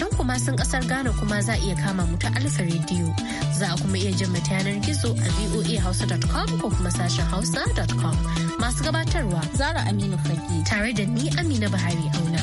can kuma sun kasar Ghana kuma za a iya kama mu ta Alfa Radio. Za a kuma iya jin ta yanar gizo a voahausa.com ko kuma sashen hausa.com. Masu gabatarwa Zara Aminu Fage tare da ni Amina Buhari Auna.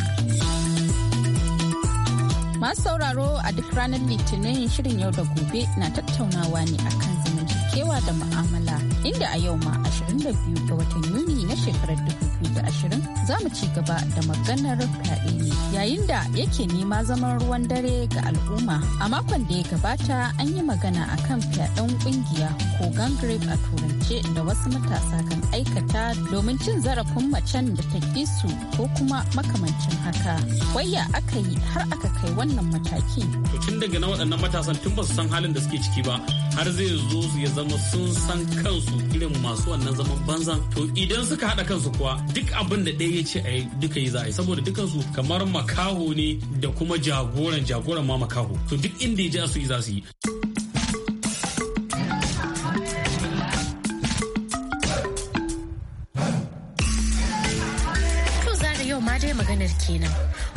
Masu sauraro a duk ranar Litinin shirin yau da gobe na tattaunawa ne akan zamantakewa da mu'amala inda a yau ma 22 ga watan Yuni na shekarar 2023. 2020 za mu ci gaba da maganar fyaɗe ne yayin da yake nema zaman ruwan dare ga al'umma a makon da ya gabata an yi magana a kan fyaɗen ƙungiya ko gangrene a turance da wasu matasa kan aikata domin cin zarafin macen da ta ƙi su ko kuma makamancin haka wayya aka yi har aka kai wannan mataki tun daga na waɗannan matasan tun ba su san halin da suke ciki ba har zai zo su ya zama sun san kansu irin masu wannan zaman banza to idan suka haɗa kansu kuwa duk abin da ɗaya ya ce a yi duka yi za a yi saboda dukansu kamar makaho ne da kuma jagoran jagoran ma makaho to duk inda ya ji su yi za su yi. yau ma dai maganar kenan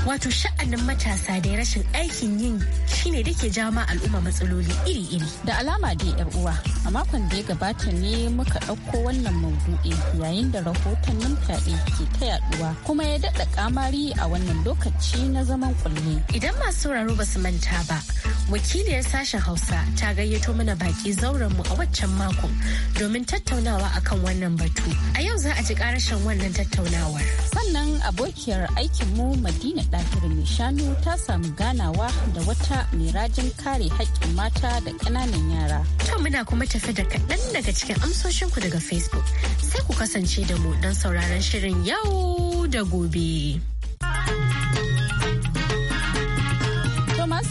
wato sha'anin matasa da rashin aikin yin shine da ke jama al'umma matsaloli iri-iri. Da alama da yar uwa a makon da ya gabata ne muka ɗauko wannan maudu'i yayin da rahoton fyaɗe ke ta yaɗuwa. kuma ya daɗa kamari a wannan lokaci na zaman kulle. Idan masu sauraro ba su manta ba, wakiliyar sashen Hausa ta gayyato mana baki zauren mu a waccan mako domin tattaunawa akan wannan batu. A yau za a ji ƙarashin wannan tattaunawar. Sannan abokiyar aikinmu Madina ɗakirin mai shanu ta samu ganawa da wata mai rajin kare haƙƙin mata da ƙananan yara. To muna kuma tafi da kaɗan daga cikin amsoshinku daga Facebook sai ku kasance da mu don sauraron shirin yau da gobe.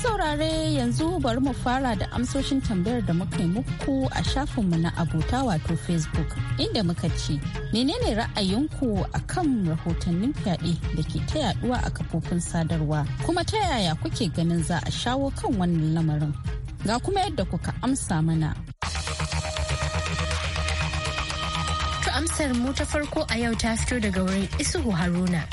saurare yanzu bari mu fara da amsoshin tambayar da muka yi muku a shafinmu na abota wato Facebook inda muka ce menene ra'ayinku a kan rahotannin fyaɗe da ke ta yaɗuwa a kafofin sadarwa kuma ta yaya kuke ganin za a shawo kan wannan lamarin ga kuma yadda kuka amsa mana. amsar mu ta farko a yau ta fito daga wurin isuhu haruna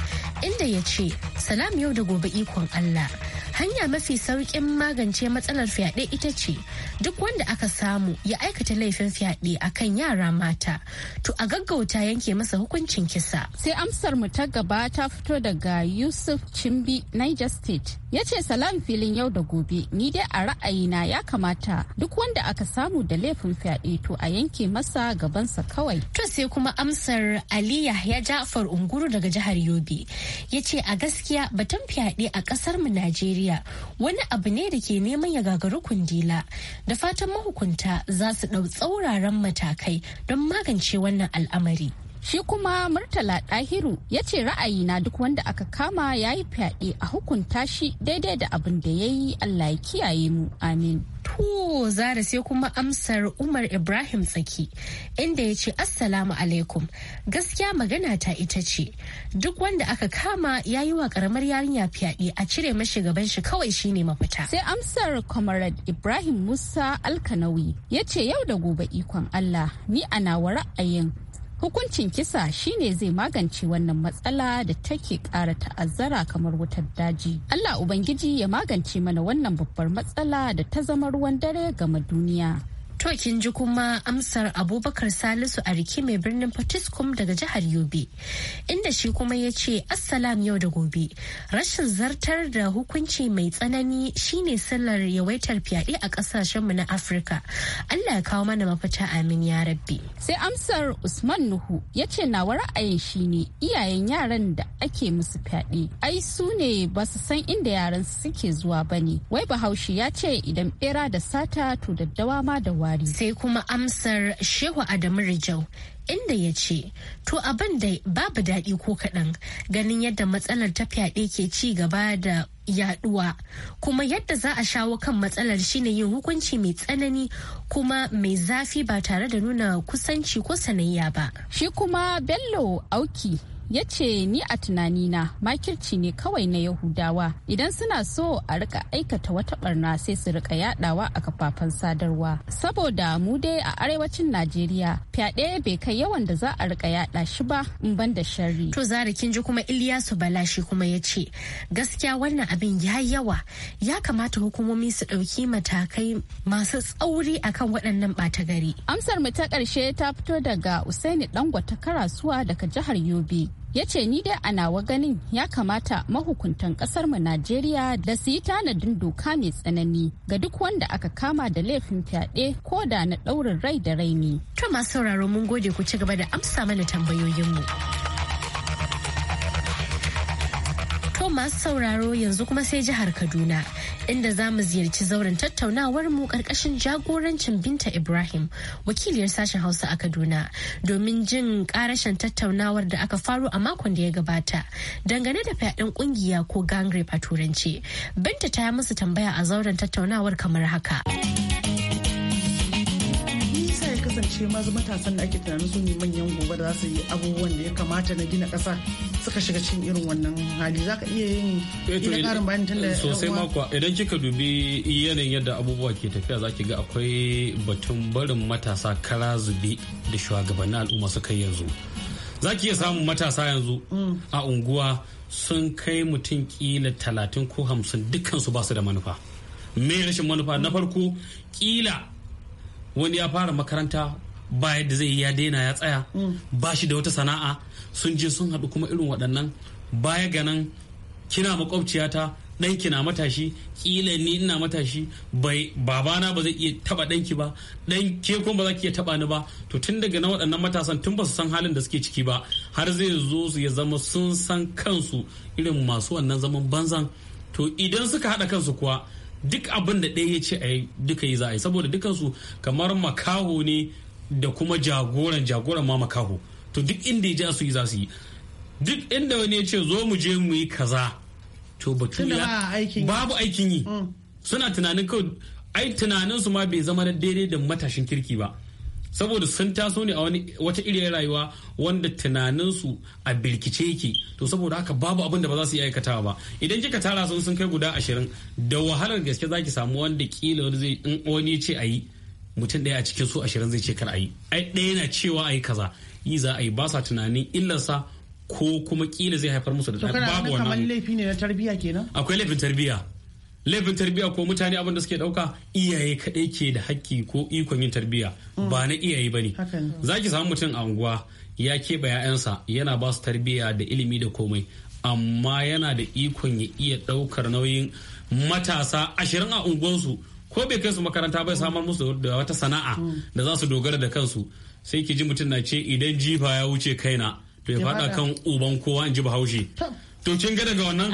inda ya ce salam yau da gobe ikon allah hanya mafi saukin magance matsalar fyaɗe ita ce duk wanda aka samu ya aikata laifin fyaɗe a kan yara mata to a gaggauta yanke masa hukuncin kisa sai amsar mu ta gaba ta fito daga yusuf chimbi niger state ya ce salam filin yau da gobe ni dai a ra'ayina ya kamata duk wanda aka samu da laifin fyaɗe to a yanke masa gabansa kawai to sai kuma amsar aliya ya ja'far unguru daga jihar yobe ya ce a gaskiya batun fyaɗe a ƙasar mu najeriya Najeriya wani abu ne da ke neman ya gagaru kundila. Da fatan mahukunta za su ɗau tsauraran matakai don magance wannan al'amari. Shi kuma Murtala Dahiru ya ce ra'ayi na duk wanda aka kama ya yi fyaɗe a hukunta shi daidai da abin da ya yi Allah ya kiyaye mu amin. To zara sai kuma amsar Umar Ibrahim tsaki inda ya ce Assalamu alaikum gaskiya magana ta ita ce duk wanda aka kama ya yi wa karamar yarinya fyaɗe a cire mashi gaban shi kawai shine mafita. Sai amsar Comrade Ibrahim Musa Alkanawi ya ce yau da gobe ikon Allah ni ana wa ra'ayin Hukuncin kisa shine zai magance wannan matsala da take kara ta'azzara kamar wutar daji. Allah Ubangiji ya magance mana wannan babbar matsala da ta zama ruwan dare game duniya. To kin ji kuma amsar Abubakar Salisu a rike mai birnin Fatiskum daga jihar Yobe, inda shi kuma ya ce Assalam yau da gobe. Rashin zartar da hukunci mai tsanani shine sallar yawaitar fyaɗe a ƙasashenmu na Afirka. Allah ya kawo mana mafita amin ya rabbi. Sai amsar Usman Nuhu ya ce nawa ra'ayin shi ne iyayen yaran da ake musu fyaɗe. Ai su ne ba su san inda yaran suke zuwa ba ne. Wai Bahaushe ya ce idan ɓera da sata to daddawa ma da wari. Buhari. Sai kuma amsar Shehu Adamu Rijau inda ya ce, To abin da babu daɗi ko kaɗan ganin yadda matsalar ta fyaɗe ke ci gaba da yaɗuwa. Kuma yadda za a shawo kan matsalar shine yin hukunci mai tsanani kuma mai zafi ba tare da nuna kusanci ko sanayya ba. Shi kuma Bello Auki ya ce ni a tunanina makirci ne kawai na yahudawa idan suna so a rika aikata wata barna sai su rika yadawa a kafafen sadarwa saboda mu dai a arewacin najeriya fyaɗe bai kai yawan da za a rika yada shi ba in ban da sharri to zara kin ji kuma iliyasu bala shi kuma ya ce gaskiya wannan abin ya yawa ya kamata hukumomi su ɗauki matakai masu tsauri akan waɗannan ɓata gari amsar mu ta ƙarshe ta fito daga usaini dangwata karasuwa daga jihar yobe ya ce ni dai a nawa ganin ya kamata mahukuntan kasar mu najeriya da su yi tanadin doka mai tsanani ga duk wanda aka kama da laifin fyaɗe ko da na ɗaurin rai da rai ne. masu sauraro mun gode ku ci gaba da amsa mana tambayoyinmu. To masu sauraro yanzu kuma sai jihar Kaduna inda za mu ziyarci zauren tattaunawar mu karkashin jagorancin Binta Ibrahim wakiliyar sashen Hausa a Kaduna domin jin karashin tattaunawar da aka faru a makon da ya gabata dangane da fyaɗen kungiya ko gang a turanci. Binta ta yi musu tambaya a zauren tattaunawar kamar haka. ya kasance maza matasan da ake tunanin su ne manyan gobe da za su yi abubuwan da ya kamata na gina ƙasa suka shiga cikin irin wannan hali za ka iya yin eh, ina karin bayan tun da sosai makwa idan kika dubi yanayin yadda abubuwa ke tafiya za ki ga akwai batun barin matasa kara zubi da shugabannin al'umma suka yi yanzu za ki iya samun matasa yanzu mm. a unguwa sun kai mutum kila talatin ko hamsin dukansu ba su da manufa me rashin manufa na farko kila wani ya fara makaranta ba yadda zai yi ya daina ya tsaya mm. ba shi da wata sana'a sun je sun haɗu kuma irin waɗannan baya ga kina makwabciyata ɗanki na matashi ƙila ni ina matashi bai babana ba zai iya taɓa ɗanki ba ɗan ke kuma ba za ki iya taɓa ni ba to tun daga na waɗannan matasan tun ba su san halin da suke ciki ba har zai zo su ya zama sun san kansu irin masu wannan zaman banzan to idan suka haɗa kansu kuwa duk abin da ɗaya ya ce a yi duka yi za a yi saboda dukansu kamar makaho ne da kuma jagoran jagoran ma makaho to duk inda ya ji su yi za su yi duk inda wani ya ce zo mu je mu yi kaza to ya babu aikin yi mm. suna tunanin kawai ai tunanin su ma bai zama daidai da matashin kirki ba saboda sun taso ne a wani wata iriyar rayuwa wanda tunaninsu a birkice yake to saboda haka babu abin da ba za su yi aikatawa ba idan kika tara sun sun kai guda ashirin da wahalar gaske zaki samu wanda kila wani zai in wani ce a yi mutum ɗaya a cikin su ashirin zai ce kar a yi ai ɗaya na cewa a yi kaza yi za a yi ba sa tunanin illarsa ko kuma ƙila zai haifar musu da babu wannan kamar laifi ne na tarbiyya kenan akwai laifin tarbiyya laifin tarbiyya ko mutane abinda suke ɗauka? iyaye kaɗai ke da hakki ko ikon yin tarbiyya mm. ba na iyaye ne za ki samu mutum a unguwa ya keɓe 'ya'yansa yana ba su tarbiyya da ilimi da komai amma yana da ikon ya iya ɗaukar nauyin matasa ashirin a unguwansu. ko bai kai su makaranta bai samar musu da wata sana'a da za su dogara da kansu sai ki ji mutum na ce idan jifa ya wuce kaina to ya faɗa kan uban kowa in ji bahaushe to kin ga daga wannan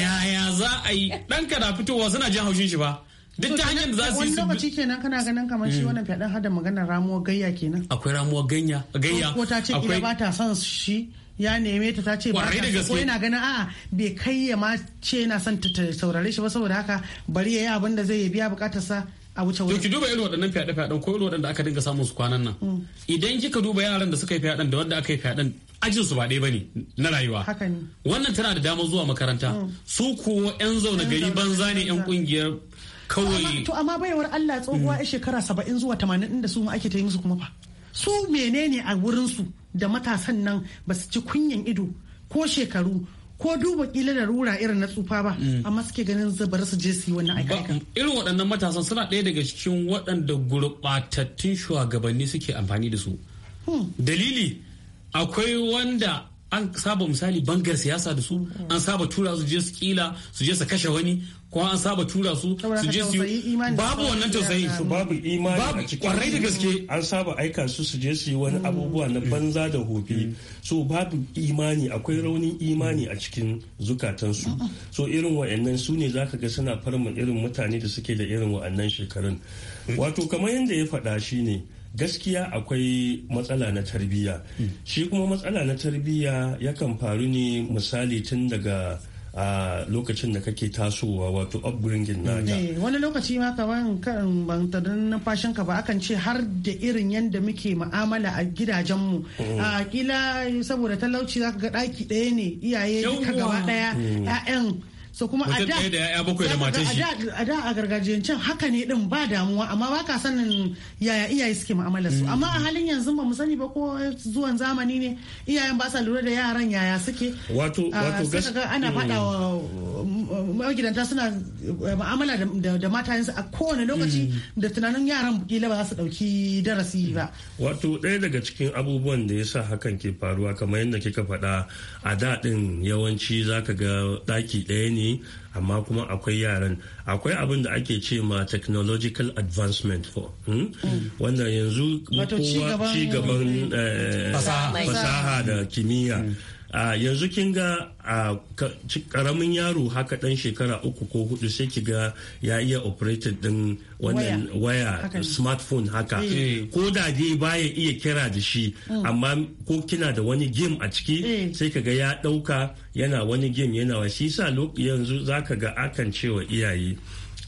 yaya za a yi ka da fitowa suna jin haushin shi ba duk ta hanyar za su yi wani lokaci kenan kana ganin kamar shi mm. wannan fyaɗen hada magana ramuwar gayya kenan akwai ramuwar gayya gayya ko ta ce ba ta son shi ya neme ta ta ce ba ta ko yana ganin a'a bai kai ya ma ce yana son ta saurare shi ba saboda haka bari ya yi abin da zai biya bukatarsa a wuce wurin. To ki duba irin waɗannan fyaɗe fiyaɗen ko irin waɗanda aka dinga samun su kwanan nan. Mm. Idan kika duba yaran da suka yi fyaɗen da wanda aka yi fyaɗen ajin su ba ɗaya bane na rayuwa. Haka ne. Wannan tana da damar zuwa makaranta. Mm. Su kuwa 'yan zaune gari banza ne 'yan ƙungiyar kawai. To amma bayawar Allah tsohuwa mm. ya shekara saba'in zuwa tamanin inda su ma ake ta yi musu kuma fa. Su menene a wurin su? da matasan nan ba su ci kunyan ido ko shekaru ko duba kila da rura irin na tsufa ba mm. amma suke ganin zabar su je su yi wannan aika irin waɗannan matasan suna ɗaya daga cikin waɗanda gurɓatattun shugabanni suke amfani da su hmm. dalili akwai wanda an saba misali bangar siyasa da su an saba tura su je su kila su je su kashe wani ko an saba tura su su je su babu wannan tausayi su babu imani a cikin kwarai da gaske an saba aika su su je su yi wani abubuwa na banza da hofi so babu imani akwai raunin imani a cikin zukatansu so irin wa'annan su ne zaka ga suna farma irin mutane da suke da irin wa'annan shekarun wato kamar yadda ya faɗa shi ne gaskiya akwai matsala na tarbiyya shi kuma matsala na tarbiyya yakan faru ne misali tun daga a lokacin da kake tasowa wato upbringing naka eh, wani lokaci ma kaman kan ban na numfashin ka ba akan ce har da irin yadda muke mu'amala a gidajenmu mm. a kila saboda talauci za ka ga ɗaki ɗaya ne iyaye duka gaba ɗaya 'ya'yan mm. so kuma a da a da a gargajiyancen haka ne din ba damuwa amma ba ka sanin yaya iyaye suke mu'amala su mm. amma a halin yanzu ba mu sani ba ko zuwan zamani ne iyayen ba sa lura da yaran yaya suke wato ah, wato gaskiya ana mm. faɗa wa mm, magidanta suna eh, mu'amala da su a kowane lokaci da tunanin yaran kila ba za su dauki darasi ba wato ɗaya daga cikin abubuwan da yasa hakan ke faruwa kamar yadda kika faɗa a da din yawanci zaka ga daki ɗaya ne ne amma kuma akwai yaran akwai abin da ake ce ma technological advancement for hmm? wanda yanzu ci gaban eh, eh, fasaha da kimiyya hmm. a yanzu kin ga a karamin yaro haka dan shekara uku ko hudu sai ki ga ya iya operated din wannan waya smartphone haka eh. ko da dai baya iya kira da shi mm. amma ko kina da wani game a ciki eh. sai ka ga ya dauka yana wani game yana wa shi sa yanzu zaka ga akan cewa iyaye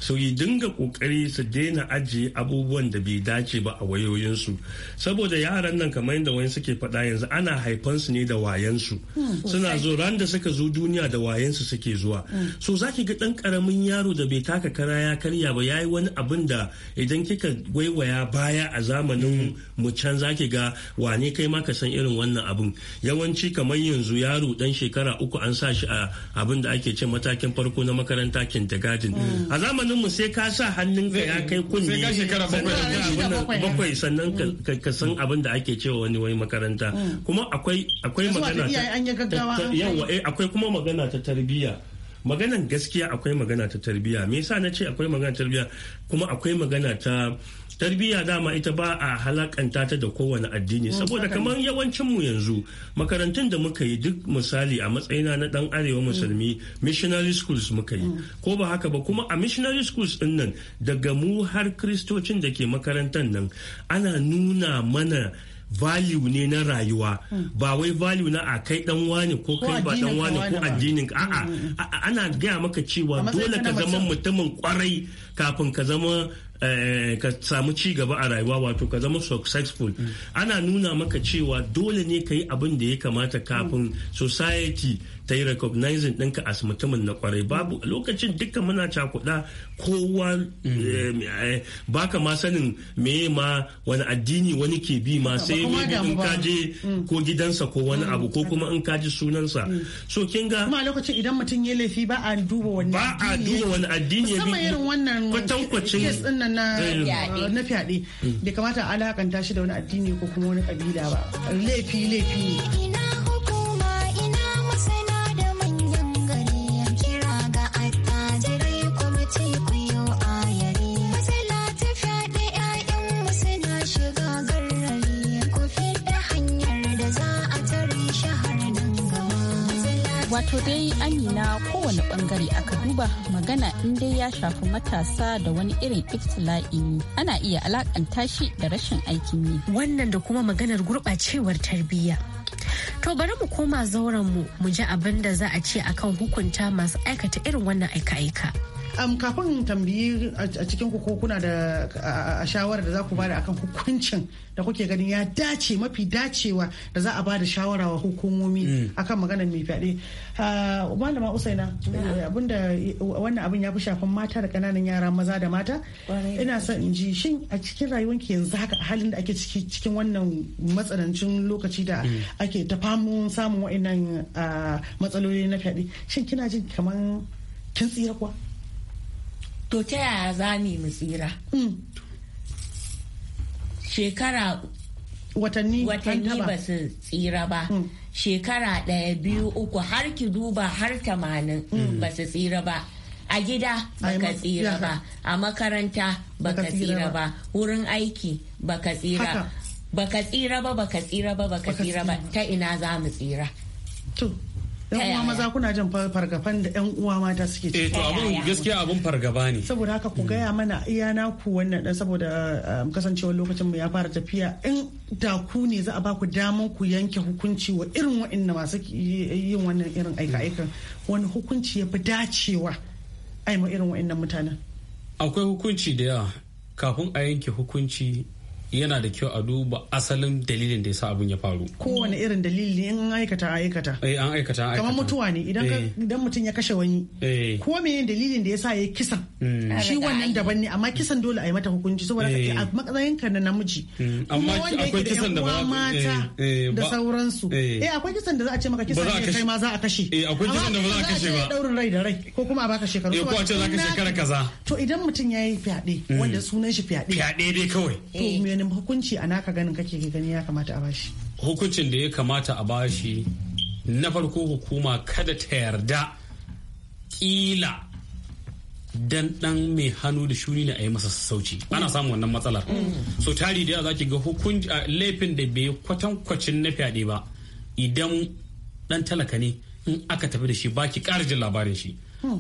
su yi dinga kokari su daina ajiye abubuwan da bai dace ba a wayoyinsu saboda yaran nan kamar yadda wani suke faɗa yanzu ana haifan su ne da wayansu hmm, suna zo ran da suka zo duniya da wayansu suke zuwa hmm. so za ki ga ɗan ƙaramin yaro da bai taka kara ya karya ba ya yi wani abin da idan kika waiwaya baya a zamanin hmm. mu can za ki ga wane kai ma ka san irin wannan abin yawanci kamar yanzu yaro ɗan shekara uku an sa shi a abin da ake ce matakin farko na makaranta kindergarten a zamanin mu sai ka sa hannun ka ya kai kunne sai ka shekara bakwai sannan mm. ka san abin da ake cewa wani wai makaranta mm. kuma akwai akwai magana ta yawa eh, akwai kuma magana ta tarbiyya maganan gaskiya akwai magana ta tarbiyya me yasa na ce akwai magana tarbiyya kuma akwai magana ta tarbiyya dama ita ba a halakanta ta da kowane addini mm, saboda kamar yawancin mu yanzu makarantun da muka yi duk misali a matsayina na dan arewa mm. musulmi missionary schools muka yi mm. ko ba haka ba kuma a missionary schools din nan daga mu har kristocin da ke makarantar nan ana nuna mana value ne na rayuwa hmm. ba wai value na a kai dan wani ko kai ba dan wani ko addinin a'a hmm, hmm, ana gaya maka cewa dole ka zama mutumin kwarai kafin ka zama Eh, ka samu ci gaba a rayuwa wato ka zama successful ana nuna maka cewa dole ne ka yi abin da ya kamata kafin society ta yi recognizing ɗinka as mutumin na kwarai babu lokacin duka muna cakuɗa kowa eh, eh, baka ma sanin me ma wani addini wani ke bi ma sai in kaje mm. ko gidansa ko wani abu ko kuma in kaji sunansa mm. so kin ga kuma lokacin idan mutum ya laifi ba a duba wani addini ba a duba wani addini ya bi musamman irin kwatankwacin Ah, na fyaɗe bai kamata a alakanta shi da wani addini ko kuma wani kabila ba laifi laifi ne To dai amina kowane bangare aka duba magana in dai ya shafi matasa da wani irin iftila'i ana iya alakanta shi da rashin aikin yi wannan da kuma maganar gurɓacewar tarbiyya to bari mu koma zauren mu mu ji abin da za a ce akan hukunta masu aikata irin wannan aika-aika um, kafin tambayi a cikin ku kuna da a shawara da za ku bada akan hukuncin da kuke ganin ya dace mafi dacewa da za a bada shawara wa hukumomi mm. akan maganar mai fyaɗe ah, malama usaina abinda wannan abin ya fi shafan mata da kananan yara maza da mata ina son in ji shin a cikin rayuwar ki yanzu haka halin da ake ciki cikin wannan matsanancin lokaci da mm. ake ta famun samun wa'annan ah, matsaloli na fyaɗe shin kina jin kamar kin tsira kuwa to ta yaya za ni mu tsira hmm. shekara watanni ba su tsira ba hmm. shekara ɗaya biyu uku har ki duba har tamanin hmm. ba su tsira ba a gida baka tsira ba a makaranta baka tsira ba wurin aiki baka tsira baka tsira ba baka tsira ba baka tsira ba ta ina za mu tsira yan uwa eh. maza kuna jin fargaban da yan uwa mata suke ciki. Eh, to abun eh, gaskiya abun fargaba ne. saboda haka ku gaya mana iya na ku wannan dan saboda um, kasancewar lokacin mu ya fara tafiya in da ku ne za a ba ku damar ku yanke hukunci wa irin wa'annan masu yin wannan irin aika-aikan wani hukunci ya fi dacewa ai ma irin wa'annan mutanen. akwai hukunci da yawa kafin a yanke hukunci yana da kyau a duba asalin dalilin da yasa abin ya faru kowane irin dalili in aikata aikata eh an aikata aikata kamar mutuwa ne idan eh. idan mutum ya kashe wani eh. ko me dalilin da yasa yayi kisan hmm. shi wannan daban ne amma kisan dole a yi mata hukunci saboda eh. a matsayin ka na namiji hmm. amma akwai kisan da ba mata da sauransu eh akwai kisan da za a ce maka kisan ne kai ma za a kashe eh akwai kisan da ba za a kashe ba daurin rai da rai ko kuma a baka shekaru ko a ce za ka shekara kaza to idan mutum yayi fyaɗe wanda hmm. sunan shi fyaɗe fyaɗe dai kawai to ganin hukunci a naka ganin kake gani ya kamata a bashi hukuncin da ya kamata a bashi na farko hukuma kada ta yarda kila dan dan mai hannu da shuni ne a yi masa sassauci ana samun wannan matsalar so tari da za ki ga hukunci laifin da bai kwatankwacin na fyaɗe ba idan dan talaka ne in aka tafi da shi ba ki ƙara jin labarin shi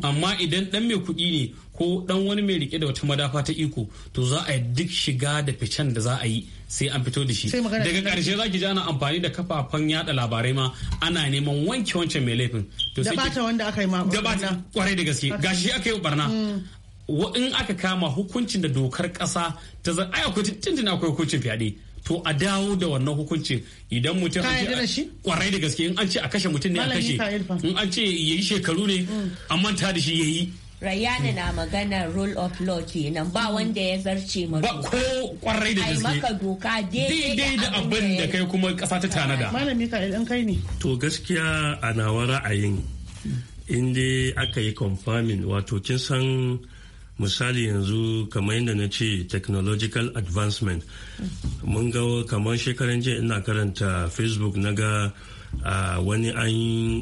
amma idan dan mai kuɗi ne ko dan wani mai rike da wata madafa ta iko to za a yi duk shiga da ficen da za a yi sai an fito da shi daga ƙarshe za ki ji ana amfani da kafafen yada labarai ma ana neman wanke wancan mai laifin to sai bata wanda aka yi ma da bata kwarai da gaske gashi aka yi barna mm. Wa in aka kama hukuncin da dokar kasa ta zai ai akwai tuntun akwai hukuncin fyaɗe to a dawo da wannan hukuncin idan mutum a ce kwarai da gaske in an ce a kashe mutum ne a kashe in an ce yayi shekaru ne mm. an manta da shi yayi Rayana na magana rule of law kenan ba mm. wanda ya zarce ma Ba ko kwarai da gaske. Ai maka doka daidai da abin da kai kuma kasa ta tanada. Malam Mikael an kai ne. To gaskiya a nawa ra'ayin mm. in dai aka yi confirming wato kin san misali yanzu kamar yadda na ce technological advancement mun ga kamar shekaran jiya ina karanta facebook na ga wani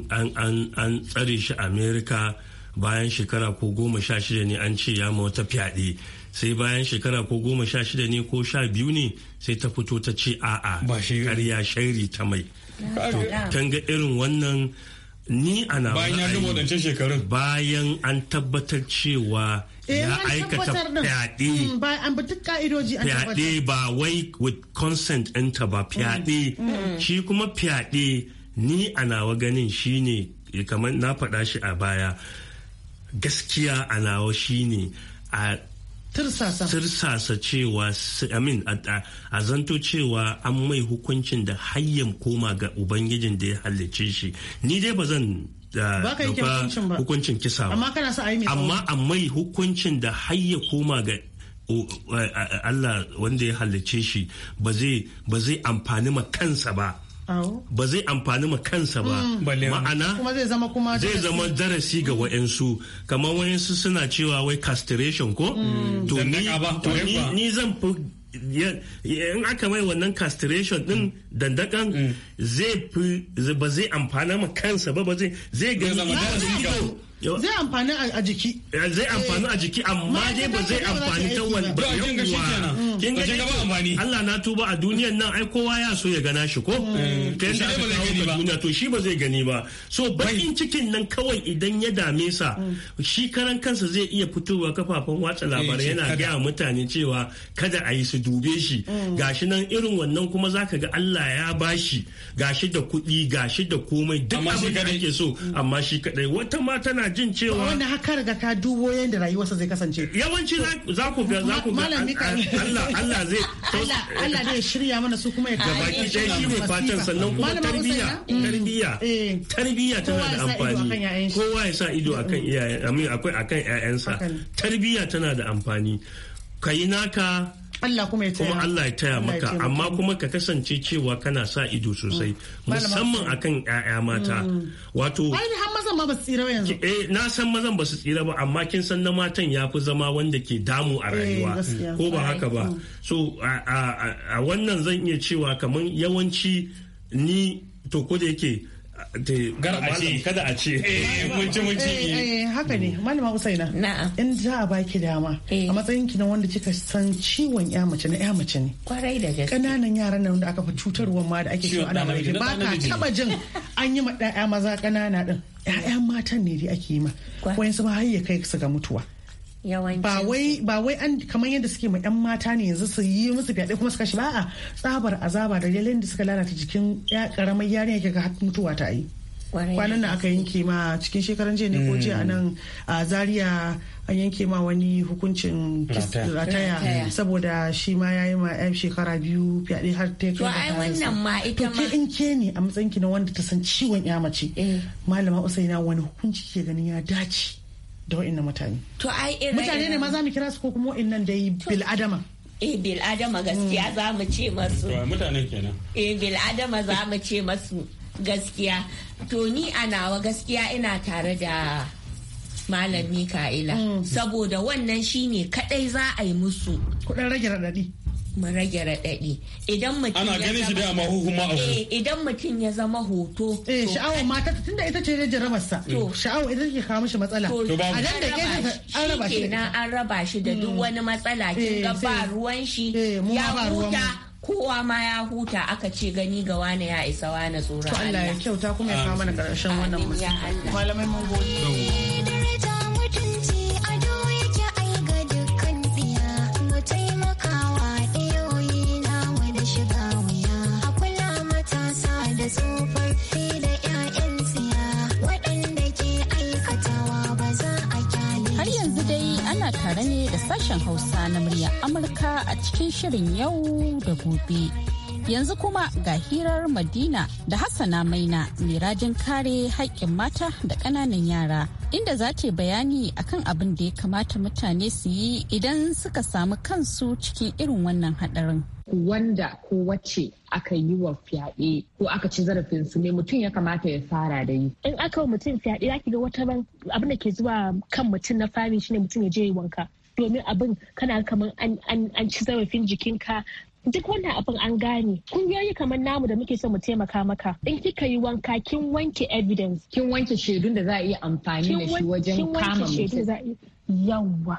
an tsare shi america bayan shekara ko goma sha shida ne an ce ya wata fyaɗe sai bayan shekara ko goma sha shida ne ko sha biyu ne sai ta fito ta ce a'a karya shairi ta mai tanga irin wannan ni ana bayan bayan an tabbatar cewa Eh, ya aikata fyaɗe mm, fyaɗe ba wai with consent ɗinta ba fyaɗe mm. Mm. shi kuma fyaɗe ni a nawa ganin shine kamar na faɗa shi a baya gaskiya a nawa shine a tirsasa tirsasa cewa amin a zanto cewa an mai hukuncin da hayyan koma ga ubangijin da ya halicce shi ni dai ba zan hukuncin kisa amma kana sa ai amma amma hukuncin da har ya koma ga Allah wanda ya halicce shi ba zai ba zai amfani ma kansa ba ba zai amfani ma kansa ba mm. ma'ana zai zama kuma zai zama darasi ga wayansu kamar wayansu suna cewa wai castration ko mm. to ni zan fi in aka mai wannan castration din mm. dandakan mm. zai fi ba zai amfana ma kansa ba ba zai zai gani zai amfani a jiki eh, zai amfani a jiki amma dai ba zai amfani ta wani ba kuwa kin ga mm. ba amfani Allah na tuba a duniyan nan ai kowa ya so ya gana shi ko mm. ta yanda aka kawo ka duniya to shi ba zai gani ba so bakin cikin nan kawai idan ya dame sa shi karan kansa zai iya fitowa kafafen watsa labarai eh, yana gaya mutane cewa kada a yi su dube shi gashi nan irin wannan kuma zaka ga Allah Allah ya bashi gashi da kuɗi gashi da komai duk abin da ake so mm. amma shi kadai wata ma tana jin cewa wanda haka riga ka dubo yadda rayuwarsa zai kasance yawanci za ku ga za ku ga Allah Allah zai Allah zai shirya mana su kuma ya ga baki dai shi ne fatan sannan kuma tarbiyya mm. tarbiyya eh. tarbiya tana da amfani kowa ya sa ido mm. akan iyayen akwai akan ƴaƴansa tarbiyya tana da amfani kai naka Allah kuma ya kuma Allah ya taya maka amma kuma ka kasance cewa kana sa ido sosai mm. musamman akan ƴaƴa mata mm. wato ai har mazan ba su tsira yanzu eh na san mazan ba su tsira ba amma kin san na matan ya fi zama wanda ke damu a eh, rayuwa ko ba haka ba mm. so a wannan zan iya cewa kaman yawanci ni to ko da yake gar a ce kada a ce eh, eh, munci munci eh, eh haka ne mm. malama usaina na'am in za a baki dama a matsayin ki na wanda kika san ciwon ya mace na ya mace ne kwarai da gaske kananan yaran nan da aka fi cutarwa ma da ake cewa ana mai ba ka taba jin an yi ma ɗaya maza kanana din ƴaƴan matan ne dai ake yi ma wayansu ma har ya kai su ga mutuwa ba wai ba wai an kamar yadda suke ma yan mata ne yanzu su yi musu fyaɗe kuma su kashe ba a tsabar azaba da yalin da suka lalata jikin ya karamar yarinya kika har mutuwa ta yi kwanan nan aka yanke ma cikin shekaran jiya ne ko jiya a mm. nan a zaria an yanke ma wani hukuncin rataya saboda shi ma ya yi ma yan shekara biyu fyaɗe har ta kai ai wannan ma ita ma in ke ne a matsayin ki na wanda ta san ciwon ya mace eh. malama usaina wani hukunci ke ganin ya dace da wa'annan mutane to ai mutane ne ma za mu kira su ko kuma wa'annan dai bil adama eh bil adama gaskiya mm. za mu ce masu mutane kenan eh bil adama za mu ce masu gaskiya to ni a nawa gaskiya ina tare da malam Mika'ila mm. saboda wannan shine kadai za a yi musu kudin rage radadi mu rage raɗaɗi eh, idan mutum ya zama hoto eh sha'awa mata da ita ce jarabar sa to sha'awa idan ke kawo mishi matsala an raba shi kenan an raba shi da duk mm. wani matsala kin eh, ga ba ruwan shi eh, ya huta kowa ma ya huta aka ce gani ga wani ya isa wani tsoron Allah. ya kyauta kuma ya kawo mana karshen wannan musamman. Malamai mun gode. sashen Hausa na murya Amurka a cikin shirin yau da gobe. Yanzu kuma ga hirar Madina da Hassana Maina mai rajin kare haƙƙin mata da ƙananan yara inda za ta bayani akan abin da ya kamata mutane su yi idan suka samu kansu cikin irin wannan haɗarin. Wanda ko wacce aka yi wa fyaɗe ko aka ci zarafin su ne mutum ya kamata ya fara da yi. In aka wa mutum fyaɗe za ki ga wata abin da ke zuwa kan mutum na fari shine mutum ya je wanka. domin abin kana kamar an ci zarafin jikinka duk wannan abin an gane kungiyoyi kamar namu da muke so mu taimaka maka in kika yi wanka kin wanke evidence kin wanke shaidun da za a iya amfani da shi wajen kama mutum yawwa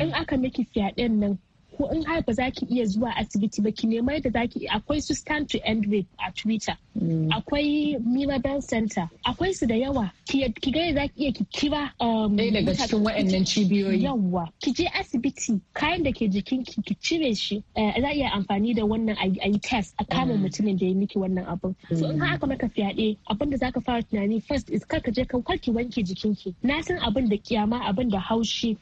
in aka miki fyaɗen nan ko in har ba za ki iya zuwa asibiti ba ki nema da za ki akwai su stand to end with a twitter mm. akwai mima bell center akwai su da yawa ki ga za ki iya ki kira um, daga cikin waɗannan cibiyoyi yawa ki je asibiti kayan da ke jikin ki ki cire shi eh, za a iya amfani da wannan a yi test a kama mm. mutumin da ya miki wannan abun. so in har mm. aka maka fyaɗe abin da zaka fara tunani first is kar ka je kan kar ki wanke jikin ki. na san abin da kiyama abin da haushi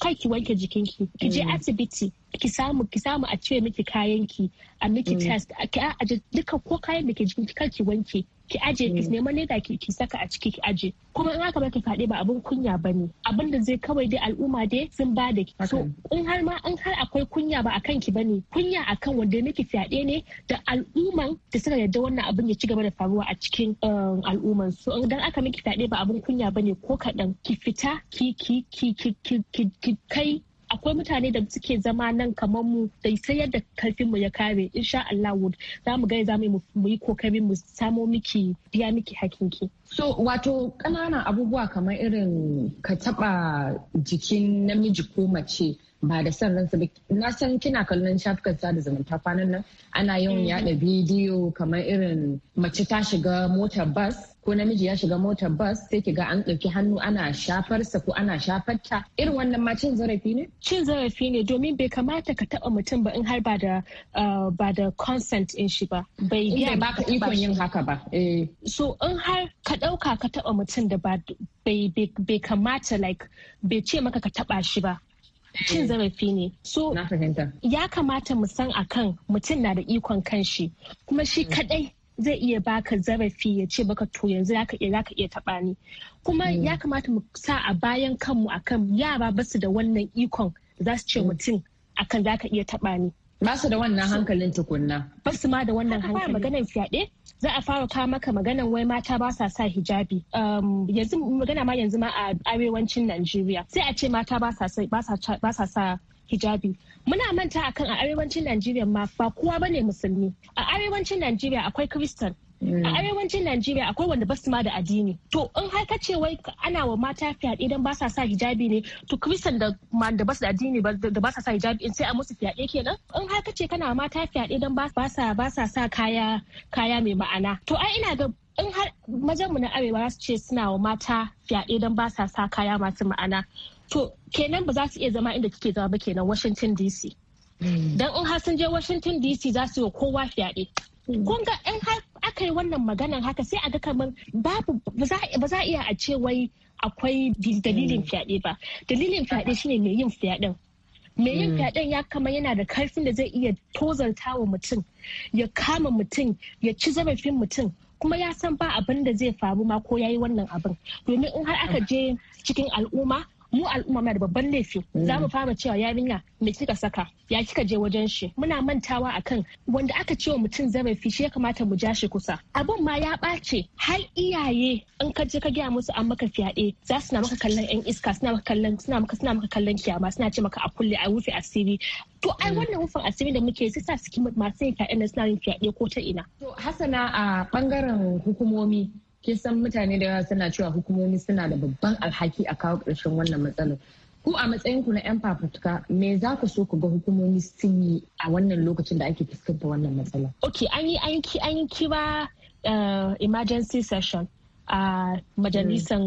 kar ki wanke jikin ki. ki je asibiti ki samu ki samu a cire miki kayan ki a miki mm. test ki aje duka ko kayan da ke jikin ki kar ki wanke ki aje ki mm. neman leda ki ki saka a ciki ki aje kuma in aka baki fade ba abun kunya bane abin da zai kawai dai al'umma dai sun ba da ki so in har ma in har akwai kunya ba akan ki bane kunya akan wanda miki fyaɗe ne da al'umman da suka yarda wannan abin ya ci gaba da faruwa a cikin um, al'umman so idan aka miki fyaɗe ba abun kunya bane ko kaɗan ki fita ki ki ki ki ki kai akwai mutane da suke zama nan kamar mu da sai yadda karfin mu ya kare insha Allah wood za mu ga za mu yi kokarin mu samo miki biya miki hakinki so wato ƙananan abubuwa kamar irin ka taba jikin namiji ko mace ba da san ransu ba na san kina kallon shafukan sada zumunta kwanan nan ana yawan mm. yada bidiyo kamar irin mace ta shiga motar bas ko namiji ya shiga motar bas sai kiga an ɗauki hannu ana shafarsa ko ana shafarta irin wannan ma cin zarafi ne cin zarafi ne domin bai kamata ka taba mutum ba in har ba da uh, ba da consent in shi ba bai biya ba ka ikon yin haka ba eh. so in har ka ɗauka ka taba mutum da ba bai kamata like bai ce maka ka taba shi ba cin zarafi ne so ya kamata mu san akan mutum na da ikon kanshi kuma shi mm. kadai zai iya baka zarafi ya ce baka to yanzu za ka iya taba ni kuma mm. ya kamata mu sa a bayan kanmu akan yara basu da wannan ikon za su ce mm. mutum akan ka iya taba ni ba su da wannan hankalin tukunna ba su ma da wannan hankalin maganar fyaɗe za a fara kawo maka maganar wai mata ba sa sa hijabi um, yanzu magana ma yanzu ma a arewacin Najeriya sai a ce mata ba sa sa hijabi muna manta akan a arewacin Najeriya ma ba kowa bane musulmi a arewacin Najeriya akwai kristan a mm. arewacin najeriya akwai wanda basu ma da addini to in har ka ce wai ana wa mata fyaɗe idan ba sa sa hijabi ne to kristan da da basu da addini da ba sa sa hijabi in sai a musu fyaɗe kenan in har ka ce kana wa mata fyaɗe idan ba sa ba sa sa kaya kaya mai ma'ana to ai ina ga in har mazanmu na arewa za su ce suna wa mata fyaɗe don ba sa sa kaya masu ma'ana to kenan ba za su iya zama inda kike zama ba kenan washington dc mm. don in har sun je washington dc za su yi wa kowa fyaɗe mm. kun ga in har kai yi wannan maganan haka sai a ga kamar babu ba za a iya a ce wai akwai dalilin mm. fyaɗe ba dalilin fyaɗe shine mai yin fyaɗen mai yin mm. fyaɗen ya kama yana da karfin da zai iya tozarta wa mutum ya kama mutum ya ci zarafin mutum kuma ya san ba abin da zai faru ma ko ya yi wannan abin domin in har aka ah. je cikin al'umma mu al'umma na da babban laifi mm. za mu fara cewa yarinya me kika saka ya kika je wajen shi muna mantawa akan wanda aka ce wa mutum zarafi shi ya kamata mu ja shi kusa abun ma ya ɓace har iyaye in ka je ka gaya musu an maka fyaɗe za su na maka kallon yan iska suna maka kallon suna maka suna maka kallon kiyama suna ce maka a kulle a rufe asiri to ai mm. wannan rufin asiri da muke sai sa suke masu yin fyaɗe suna yin fyaɗe ko ta ina. to hasana a bangaren hukumomi kin mutane da yawa suna cewa hukumomi suna da babban alhaki a kawo ƙarshen wannan matsalar ku a matsayin ku na 'yan fafutuka me za ku so ku ga hukumomi sun yi a wannan lokacin da ake fuskanta wannan matsala? ok an yi an yi kiwa eh, emergency session a majalisar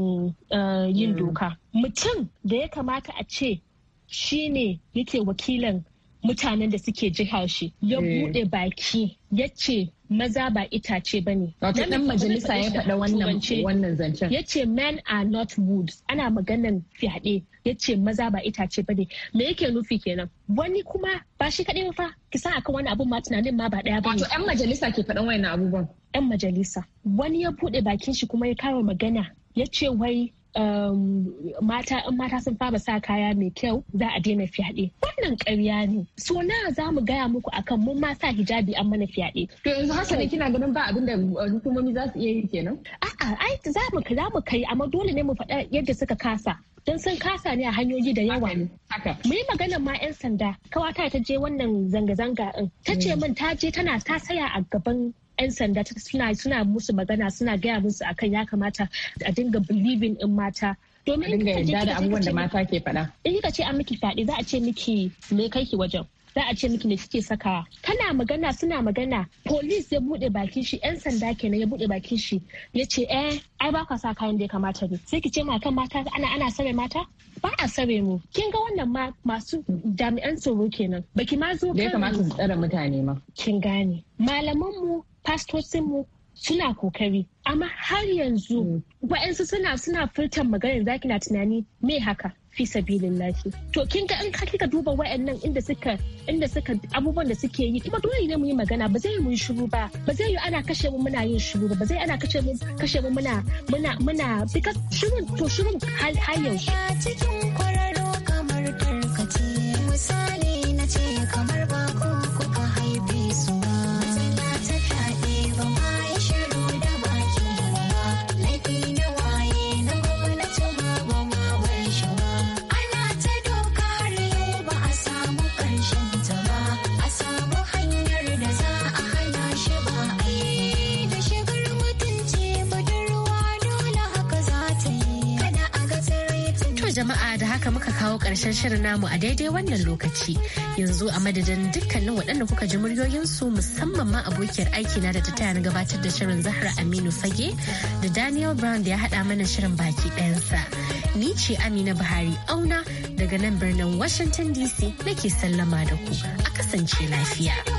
eh, yin mm. doka mutum da ya kamata a ce shine yake wakilin. mutanen da suke jihar shi ya eh. bude baki ya ce maza ba itace ba ne. Dan majalisa ya faɗa wannan zancen. Ya ce men are not woods. Ana maganan fyaɗe. Ya ce maza ba itace ba ne. Me yake nufi kenan? Wani kuma ba shi kaɗai fa ki san akan wani abun ma tunanin ma ba ɗaya ba. Wato 'yan majalisa ke faɗan wayannan abubuwan. 'Yan majalisa. Wani ya bude bakin shi kuma ya kawo magana. Ya ce wai Um, mata in mata sun fara sa kaya mai kyau za a daina fyaɗe wannan ƙarya ne so na za mu gaya muku akan mun ma sa hijabi an mana fyaɗe to yanzu haka ne kina ganin ba abin da uh, hukumomi za su iya yi kenan a'a ai za mu za mu kai amma dole ne mu faɗa yadda suka kasa don sun kasa ne a hanyoyi da yawa ne. mu yi magana ma 'yan sanda kawata ta je wannan zanga-zanga ta ce mm. min ta je tana ta saya a gaban 'yan sanda suna suna musu magana suna gaya musu akan ya kamata a dinga believing in mata domin ka yarda da abubuwan da mata ke faɗa in kika ce a miki fyaɗe za a ce miki me kai ki wajen za a ce miki ne suke sakawa kana magana suna magana police ya bude bakin shi yan sanda kenan ya bude bakin shi ya ce eh ai ba ka sa kayan da ya kamata ne sai ki ce ma kan mata ana ana sare mata ba a sare mu kin ga wannan ma masu jami'an tsoro kenan baki ma zo da ya kamata su tsare mutane ma kin gane malaman mu fastocinmu suna kokari amma har yanzu mm. wa'yansu suna suna furtan maganar zaki na tunani me haka fi sabilin lafi to kin ga in ka kika duba wa'annan inda suka inda suka abubuwan da suke yi kuma dole ne mu yi magana ba zai mu shiru ba ba zai yi ana kashe mu muna yin shiru ba ba zai ana kashe mu kashe mu muna muna muna because shirun to shirin har yaushe ƙarshen shirin namu a daidai wannan lokaci. Yanzu a madadin dukkanin waɗanda kuka ji muryoyinsu musamman ma abokiyar aikina da ta taya na gabatar da shirin Zahra Aminu Fage da Daniel Brown da ya haɗa mana shirin baki ɗayansa. Ni ce Amina Buhari Auna daga nan birnin Washington DC nake sallama da ku. A kasance lafiya.